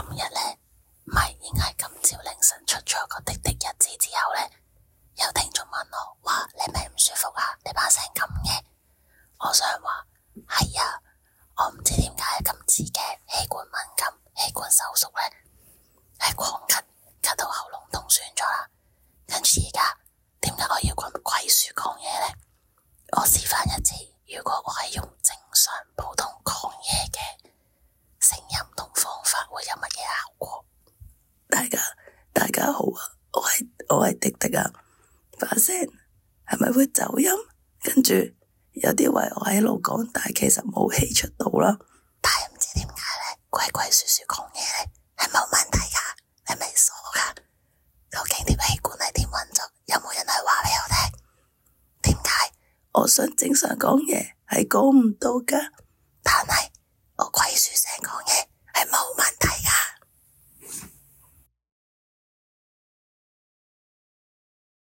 今日咧，唔係應該係今朝凌晨出咗個迪迪日誌之後咧，有聽眾問我，話，你咪唔舒服啊？你把聲咁嘅。我想話係啊，我唔知點解今次嘅氣管敏感、氣管收縮咧係狂咳。大家好啊，我係我係滴滴啊，把聲係咪會走音？跟住有啲位我喺度講，但係其實冇氣出到啦。但係唔知點解咧，鬼鬼祟祟講嘢咧係冇問題噶，係咪傻㗎？究竟啲氣管係點運作？有冇人係話俾我聽？點解？我想正常講嘢係講唔到噶，但係。